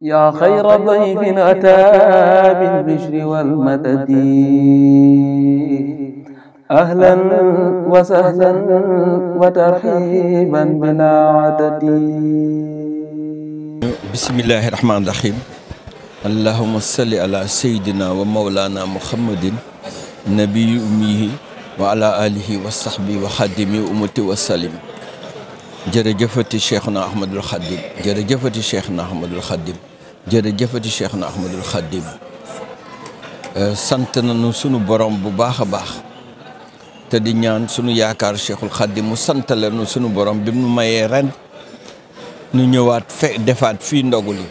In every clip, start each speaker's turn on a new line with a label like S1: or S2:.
S1: yaa xayra dayfin ataa bil bishri wal madadi ahlan wa sahlan wa tarhiiban bilaa adadi bismillaahi rahmaani rahiim allahumma salli ala sayyidina wa mawlaana muhammadin nabiyyi ummihi wa ala alihi wa sahbihi wa xaadimi ummati wa salim jërëjëfati cheikhna ahmadul xadim jërëjëfati cheikhna ahmadul xadim jërëjëfati Cheikh na Ahmadul Khadim euh, sant nañu sunu borom bu baax a baax te di ñaan sunu yaakaar Cheikhul Khadim mu santale nu sunu borom bi mu mayee ren nu ñëwaat fe defaat fii ndogu li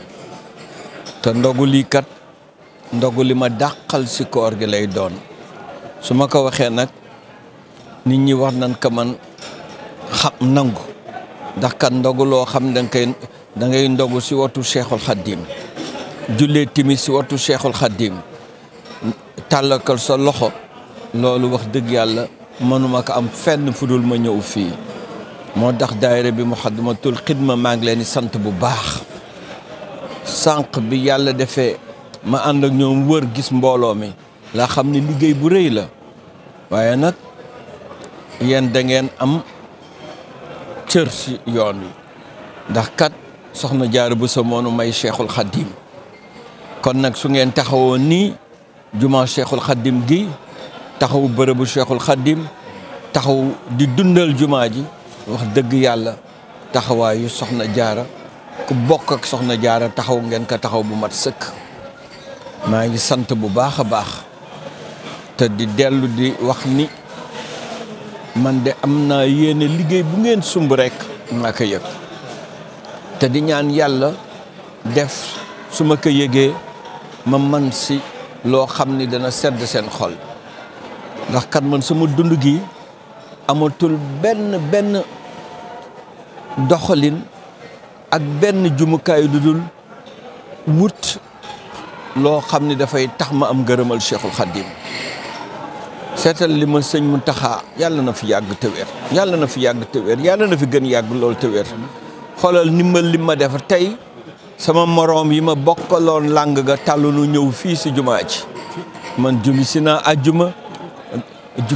S1: te ndogu lii kat ndogu li ma dàqal si koor gi lay doon su ma ko waxee nag nit ñi war nañ ko man xam nangu ndax kat ndogu loo xam danga koy ngay ndogu si watu Cheikhul Khadim jullee timis wartu seexul xaddim tàllakal sa loxo loolu wax dëgg yàlla mënuma ko am fenn fu dul ma ñëw fii moo tax daayira bi mu muxaddamatul xidma maa ngi leen di sant bu baax sànq bi yàlla defe ma ànd ak ñoom wër gis mbooloo mi laa xam ne liggéey bu rëy la waaye nag yéen dangeen am cër ci yoon wi ndax kat soxna jaar bu sa moonu may cheikhul xaddim kon nag su ngeen taxawoon nii jumaa cheikhul xaddim gi taxaw bërëbu cheikhul xaddim taxaw di dundal jumaa ji wax dëgg yàlla taxawaayu soxna jaara ku bokk ak soxna jaara taxaw ngeen ko taxaw bu mat sëkk maa ngi sant bu baax a baax te di dellu di wax ni man de am naa yéene liggéey bu ngeen sumb rekk maa ko yëg te di ñaan yàlla def su ma ko yëgee ma man si loo xam ni dana sedd seen xol ndax kat man suma dund gi amatul benn benn doxalin ak benn jumukaay lu dul wut loo xam ni dafay tax ma am gërëmal Cheikhul Khadim seetal li ma sëñ Muntaxa yàlla na fi yàgg te wér yàlla na fi yàgg te wér yàlla na fi gën yàgg lool te wér xoolal li ma def tey sama morom yi ma bokkaloon lang ga tàllunu ñëw fii si jumaa ji man julli si naa àjjuma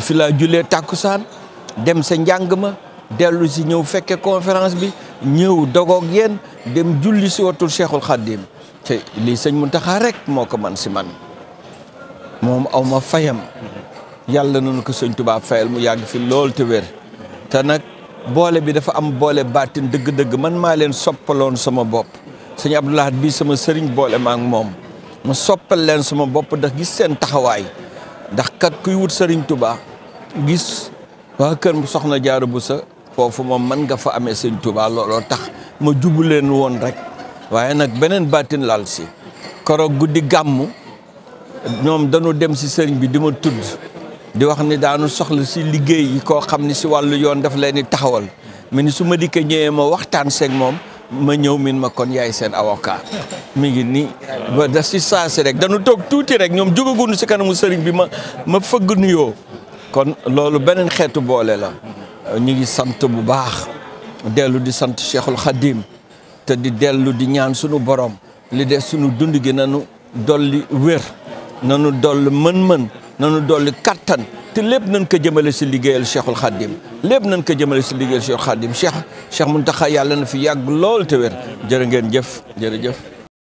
S1: fi laa jullee tàkkusaan dem sa njàng ma dellu si ñëw fekkee conférence bi ñëw dogoog yéen dem julli si watul Cheikhul Khadim te lii sëñ Muntaxa rek moo ko man si man moom awma ma fayam yàlla nanu ko sëñ Tuubaa fayal mu yàgg fi lool te wér te nag boole bi dafa am boole baatin dëgg-dëgg man maa leen soppaloon sama bopp sëñ Abdou Lahad bii sama sëriñ boole ma moom ma soppal leen sama bopp ndax gis seen taxawaay ndax kat kuy wut sëriñ tubaa gis waa kër soxna bu Buso foofu moom man nga fa amee sëriñ tubaa looloo tax ma jubu leen woon rek waaye nag beneen baatin laal si koroog guddi gàmmu ñoom danu dem si sëriñ bi di ma tudd di wax ni daanu soxla si liggéey yi koo xam ni si wàllu yoon daf leen di taxawal ma ni su ma dikkee ñëwee ma waxtaan seek moom ma ñëw miin ma kon yaay seen avocat mi ngi nii ba da si saasi rek dañu toog tuuti rek ñoom jógaguñu si kanamu sëriñ bi ma ma fëgg nuyoo kon loolu beneen xeetu boole la ñu ngi sant bu baax dellu di sant Cheikhul Khadim te di dellu di ñaan sunu borom li des sunu dund gi nanu dolli wér nanu dolli mën-mën nanu dolli kattan te lépp nañ ko jëmale si liggéeyal cheikhul xaddim lépp nañ ko jëmale si liggéeyal cheikhul xaddim cheikh cheikh Muntaxa yàlla na fi yàgg lool te wér jërë ngeen jëf jërëjëf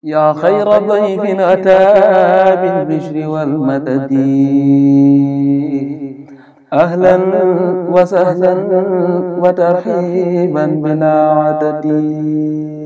S1: yaa xayra dayfin ataa bil bishri wal madadi ahlan wa sahlan wa tarhiban bilaa adadi